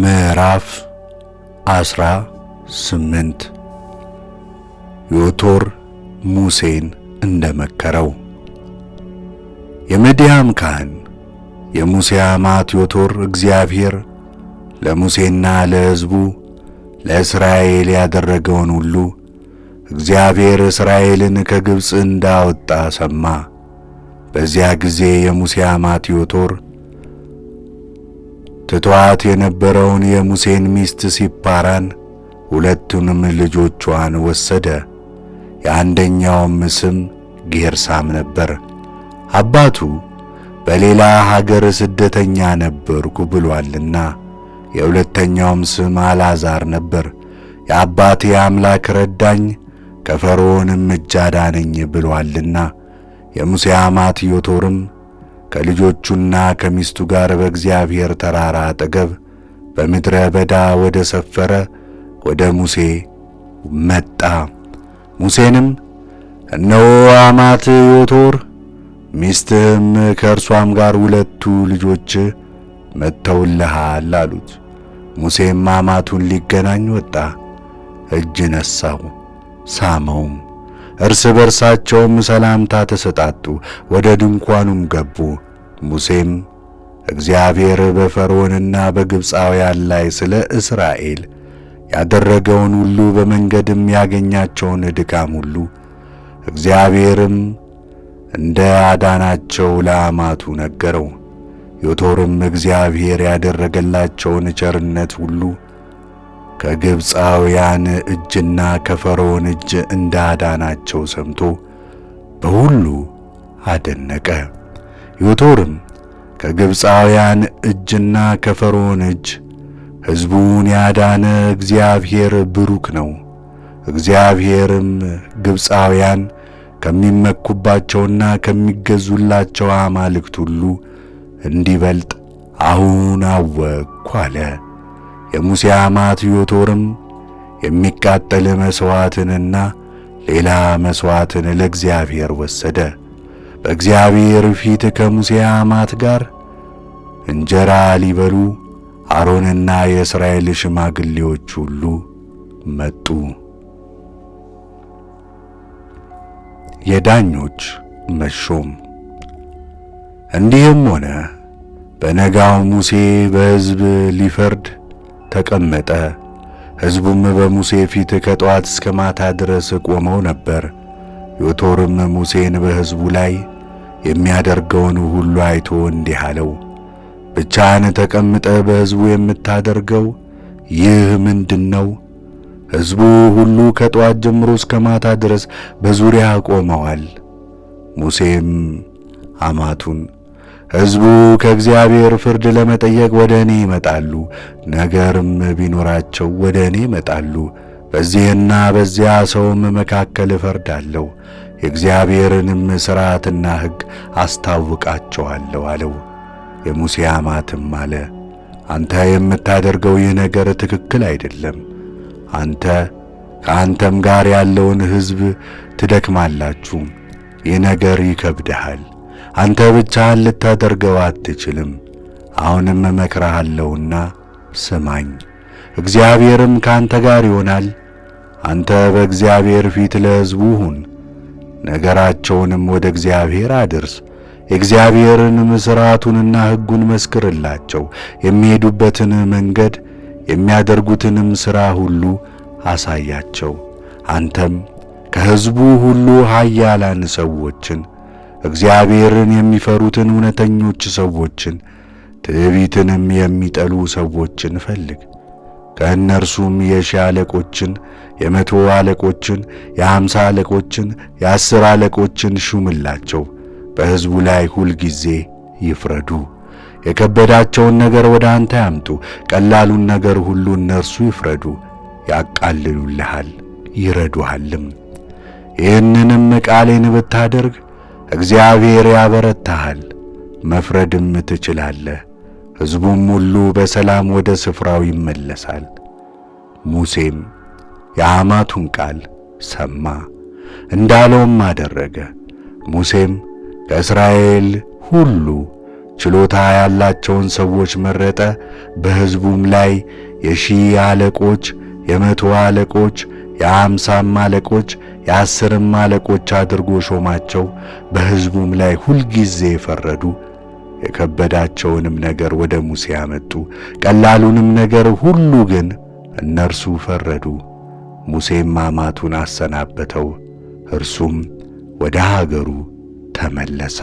ምዕራፍ አስራ ስምንት ዮቶር ሙሴን እንደመከረው። የምድያም ካህን የሙሴ አማት ዮቶር እግዚአብሔር ለሙሴና ለሕዝቡ ለእስራኤል ያደረገውን ሁሉ እግዚአብሔር እስራኤልን ከግብፅ እንዳወጣ ሰማ። በዚያ ጊዜ የሙሴ አማት ዮቶር ትቷት የነበረውን የሙሴን ሚስት ሲፓራን ሁለቱንም ልጆቿን ወሰደ። የአንደኛውም ስም ጌርሳም ነበር። አባቱ በሌላ ሀገር ስደተኛ ነበርኩ ብሏልና። የሁለተኛውም ስም አልዓዛር ነበር። የአባቴ አምላክ ረዳኝ፣ ከፈርዖንም እጅ አዳነኝ ብሏልና። የሙሴ አማት ዮቶርም ከልጆቹና ከሚስቱ ጋር በእግዚአብሔር ተራራ አጠገብ በምድረ በዳ ወደ ሰፈረ ወደ ሙሴ መጣ። ሙሴንም እነሆ አማት ዮቶር ሚስትህም ከእርሷም ጋር ሁለቱ ልጆች መጥተውልሃል አሉት። ሙሴም አማቱን ሊገናኝ ወጣ። እጅ ነሳው፣ ሳመውም። እርስ በርሳቸውም ሰላምታ ተሰጣጡ። ወደ ድንኳኑም ገቡ። ሙሴም እግዚአብሔር በፈርዖንና በግብፃውያን ላይ ስለ እስራኤል ያደረገውን ሁሉ በመንገድም ያገኛቸውን ድካም ሁሉ እግዚአብሔርም እንደ አዳናቸው ለአማቱ ነገረው። ዮቶርም እግዚአብሔር ያደረገላቸውን ቸርነት ሁሉ ከግብፃውያን እጅና ከፈርዖን እጅ እንዳዳናቸው ሰምቶ በሁሉ አደነቀ። ዮቶርም ከግብፃውያን እጅና ከፈርዖን እጅ ሕዝቡን ያዳነ እግዚአብሔር ብሩክ ነው። እግዚአብሔርም ግብፃውያን ከሚመኩባቸውና ከሚገዙላቸው አማልክት ሁሉ እንዲበልጥ አሁን አወቅኩ አለ። የሙሴ አማት ዮቶርም የሚቃጠል መሥዋዕትንና ሌላ መሥዋዕትን ለእግዚአብሔር ወሰደ። በእግዚአብሔር ፊት ከሙሴ አማት ጋር እንጀራ ሊበሉ አሮንና የእስራኤል ሽማግሌዎች ሁሉ መጡ። የዳኞች መሾም። እንዲህም ሆነ፣ በነጋው ሙሴ በሕዝብ ሊፈርድ ተቀመጠ። ሕዝቡም በሙሴ ፊት ከጠዋት እስከ ማታ ድረስ ቆመው ነበር። ዮቶርም ሙሴን በሕዝቡ ላይ የሚያደርገውን ሁሉ አይቶ እንዲህ አለው፣ ብቻህን ተቀምጠ በሕዝቡ የምታደርገው ይህ ምንድን ነው? ሕዝቡ ሁሉ ከጠዋት ጀምሮ እስከ ማታ ድረስ በዙሪያ ቆመዋል። ሙሴም አማቱን ሕዝቡ ከእግዚአብሔር ፍርድ ለመጠየቅ ወደ እኔ ይመጣሉ፣ ነገርም ቢኖራቸው ወደ እኔ ይመጣሉ፣ በዚህና በዚያ ሰውም መካከል እፈርዳለሁ የእግዚአብሔርንም ሥርዓትና ሕግ አስታውቃቸዋለሁ አለው። የሙሴ አማትም አለ አንተ የምታደርገው ይህ ነገር ትክክል አይደለም። አንተ ከአንተም ጋር ያለውን ሕዝብ ትደክማላችሁ። ይህ ነገር ይከብድሃል። አንተ ብቻህን ልታደርገው አትችልም። አሁንም እመክርሃለሁና ስማኝ። እግዚአብሔርም ከአንተ ጋር ይሆናል። አንተ በእግዚአብሔር ፊት ለሕዝቡ ሁን ነገራቸውንም ወደ እግዚአብሔር አድርስ። የእግዚአብሔርንም ሥርዓቱንና ሕጉን መስክርላቸው። የሚሄዱበትን መንገድ የሚያደርጉትንም ሥራ ሁሉ አሳያቸው። አንተም ከሕዝቡ ሁሉ ኃያላን ሰዎችን እግዚአብሔርን የሚፈሩትን እውነተኞች ሰዎችን ትዕቢትንም የሚጠሉ ሰዎችን ፈልግ። ከእነርሱም የሺህ አለቆችን የመቶ አለቆችን የአምሳ አለቆችን የአስር አለቆችን ሹምላቸው። በሕዝቡ ላይ ሁልጊዜ ይፍረዱ። የከበዳቸውን ነገር ወደ አንተ ያምጡ፣ ቀላሉን ነገር ሁሉ እነርሱ ይፍረዱ። ያቃልሉልሃል፣ ይረዱሃልም። ይህንንም ቃሌን ብታደርግ እግዚአብሔር ያበረታሃል፣ መፍረድም ትችላለህ። ሕዝቡም ሁሉ በሰላም ወደ ስፍራው ይመለሳል። ሙሴም የአማቱን ቃል ሰማ፣ እንዳለውም አደረገ። ሙሴም ከእስራኤል ሁሉ ችሎታ ያላቸውን ሰዎች መረጠ። በሕዝቡም ላይ የሺህ አለቆች፣ የመቶ አለቆች፣ የአምሳም አለቆች፣ የአስርም አለቆች አድርጎ ሾማቸው። በሕዝቡም ላይ ሁልጊዜ ፈረዱ። የከበዳቸውንም ነገር ወደ ሙሴ አመጡ። ቀላሉንም ነገር ሁሉ ግን እነርሱ ፈረዱ። ሙሴም አማቱን አሰናበተው፣ እርሱም ወደ ሀገሩ ተመለሰ።